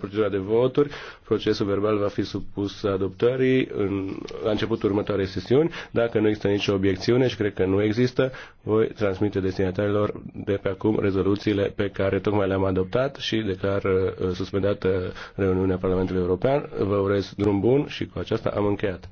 procedura de voturi, procesul verbal va fi supus adoptării în, la începutul următoarei sesiuni. Dacă nu există nicio obiecțiune și cred că nu există, voi transmite destinatarilor de pe acum rezoluțiile pe care tocmai le-am adoptat și declar uh, suspendată reuniunea Parlamentului European. Vă urez drum bun și cu aceasta am încheiat.